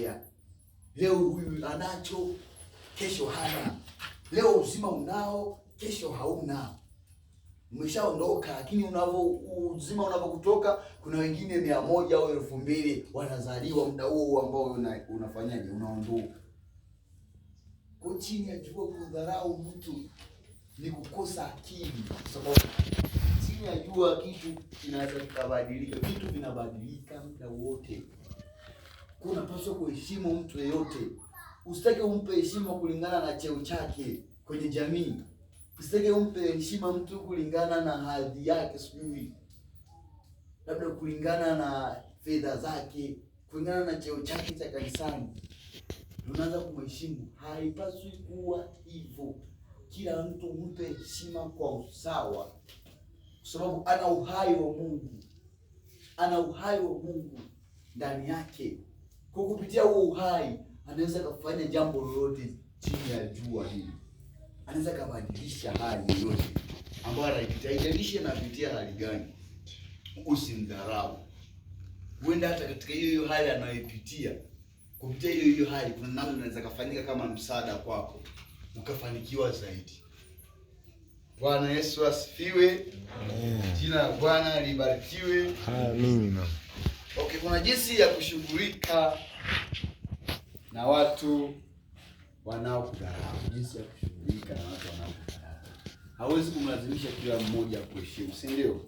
Yeah. Leo huyu anacho, kesho hana. Leo uzima unao, kesho hauna. Umeshaondoka, lakini unavyo uzima unavyokutoka, kuna wengine mia moja au elfu mbili wanazaliwa muda huo ambao una, unafanyaje? Unaondoka ko chini ya jua. Kudharau mtu ni kukosa akili, kwa sababu chini ya jua kitu kinaweza kikabadilika, vitu vinabadilika muda wote unapaswa kuheshimu mtu yeyote. Usitake umpe heshima kulingana na cheo chake kwenye jamii. Usitake umpe heshima mtu kulingana na hadhi yake, sijui labda kulingana na fedha zake, kulingana na cheo chake cha kanisani, unaanza kumheshimu. Haipaswi kuwa hivyo. Kila mtu umpe heshima kwa usawa, kwa sababu ana uhai wa Mungu, ana uhai wa Mungu ndani yake. Kwa kupitia huo uhai anaweza kufanya jambo lolote chini ya jua hili. Anaweza kubadilisha hali yote ambayo anaitaijalisha na kupitia hali gani. Usimdharau. Huenda hata katika hiyo hiyo hali anayopitia kupitia hiyo hiyo hali kuna namna inaweza kufanyika kama msaada kwako ukafanikiwa zaidi. Bwana Yesu asifiwe. Amen. Jina la Bwana libarikiwe. Amina. Okay, kuna jinsi ya kushughulika na watu wanaokudharau, jinsi ya kushughulika na watu wanaokudharau. Hawezi kumlazimisha kila mmoja kuheshimu, si ndio?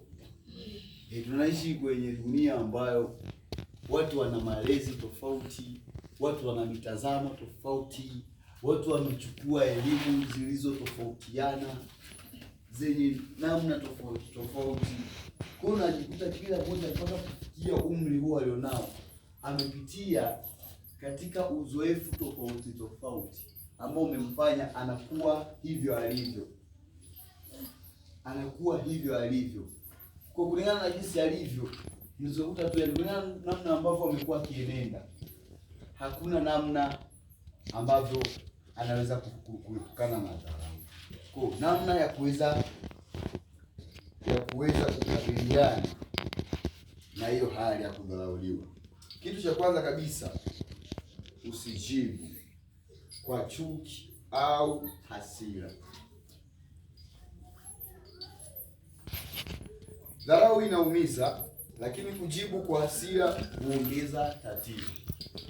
E, tunaishi kwenye dunia ambayo watu wana malezi tofauti, watu wana mitazamo tofauti, watu wamechukua elimu zilizotofautiana zenye namna tofauti tofauti. Kwa hiyo unajikuta kila mmoja mpaka kufikia umri huo alionao amepitia katika uzoefu tofauti tofauti ambao umemfanya anakuwa hivyo alivyo, anakuwa hivyo alivyo kwa kulingana na jinsi alivyo nizokuta tu, kulingana namna ambavyo amekuwa akienenda, hakuna namna ambavyo anaweza kukana madhara kwa namna ya kuweza kuweza kukabiliana na hiyo hali ya kudharauliwa. Kitu cha kwanza kabisa, usijibu kwa chuki au hasira. Dharau inaumiza, lakini kujibu kwa hasira huongeza tatizo.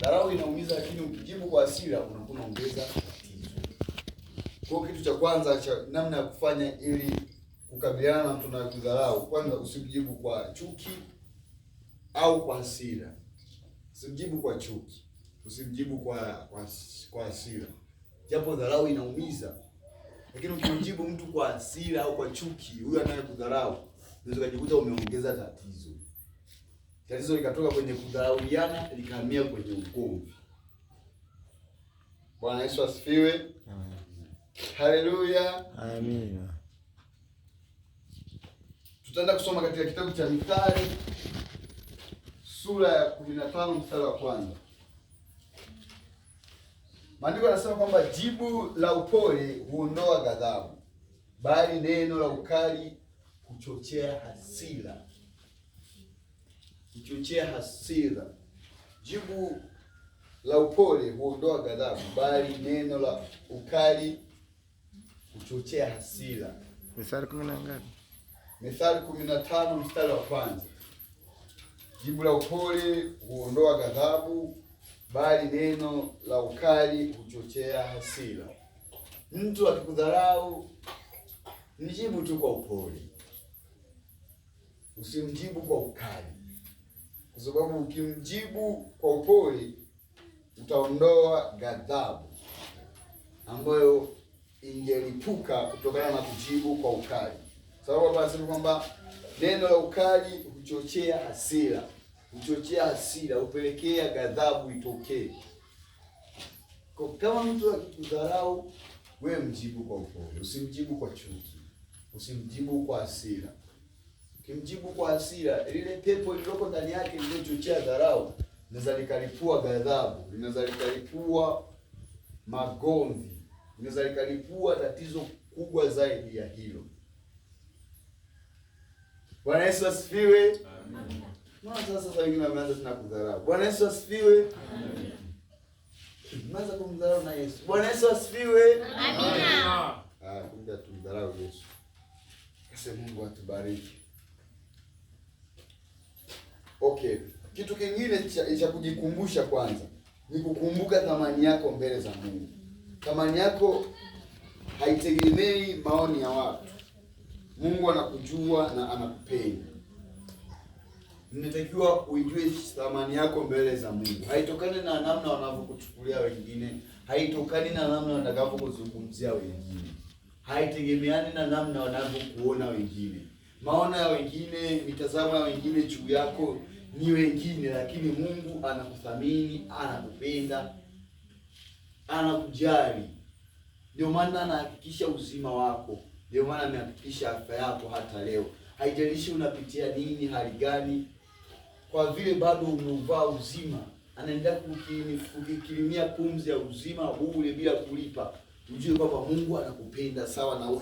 Dharau inaumiza, lakini ukijibu kwa hasira unakuwa unaongeza tatizo. Kwa kitu cha kwanza cha namna ya kufanya ili kukabiliana na mtu Kwanza, usimjibu kwa chuki au kwa hasira. Usimjibu kwa chuki, usimjibu kwa kwa, kwa hasira, japo dharau inaumiza, lakini ukimjibu mtu kwa hasira au kwa chuki, huyo anayekudharau, unaweza kujikuta umeongeza tatizo. Tatizo likatoka kwenye kudharauliana likahamia kwenye ugomvi. Bwana Yesu asifiwe. Haleluya. Amina. Tutaenda kusoma katika kitabu cha Mithali sura ya 15 mstari wa kwanza. Maandiko yanasema kwamba jibu la upole huondoa ghadhabu, bali neno la ukali kuchochea hasira. kuchochea hasira. Jibu la upole huondoa ghadhabu, bali neno la ukali kuchochea hasira. Mithali kumi na ngapi? Methali kumi na tano mstari wa kwanza, jibu la upole huondoa ghadhabu, bali neno la ukali huchochea hasira. Mtu akikudharau mjibu tu kwa upole, usimjibu kwa ukali, kwa sababu ukimjibu kwa upole utaondoa ghadhabu ambayo ingelipuka kutokana na kujibu kwa ukali. Sababu anasema kwamba neno la ukali huchochea hasira, huchochea hasira, hupelekea ghadhabu itokee. Kwa kama mtu akikudharau wewe, mjibu kwa upole, usimjibu kwa chuki, usimjibu kwa hasira. Ukimjibu kwa hasira, lile pepo lililoko ndani yake lililochochea dharau linaweza likalipua ghadhabu, linaweza likalipua magomvi, linaweza likalipua tatizo kubwa zaidi ya hilo. Bwana Yesu asifiwe. Amen. Mwanzo sasa wengine wameanza tena kudharau? Bwana Yesu asifiwe. Amen. Mwanzo kumdharau na Yesu. Bwana Yesu asifiwe. Amina. Ah, kumbe tumdharau Yesu. Kase Mungu atubariki. Okay. Kitu kingine cha, cha kujikumbusha kwanza ni kukumbuka thamani yako mbele za Mungu. Thamani yako haitegemei maoni ya watu. Mungu anakujua na anakupenda. Ninatakiwa uijue thamani yako mbele za Mungu. Haitokani na namna wanavyokuchukulia wengine, haitokani na namna watakavyokuzungumzia wengine, haitegemeani na namna wanavyokuona wengine. Maono ya wengine, mitazamo ya wengine juu yako ni wengine, lakini Mungu anakuthamini, anakupenda, anakujali. Ndio maana anahakikisha uzima wako. Ndio maana amehakikisha afya yako hata leo, haijalishi unapitia nini, hali gani, kwa vile bado umeuvaa uzima, anaendelea kukilimia pumzi ya uzima bure bila kulipa. Ujue kwamba Mungu anakupenda sawa na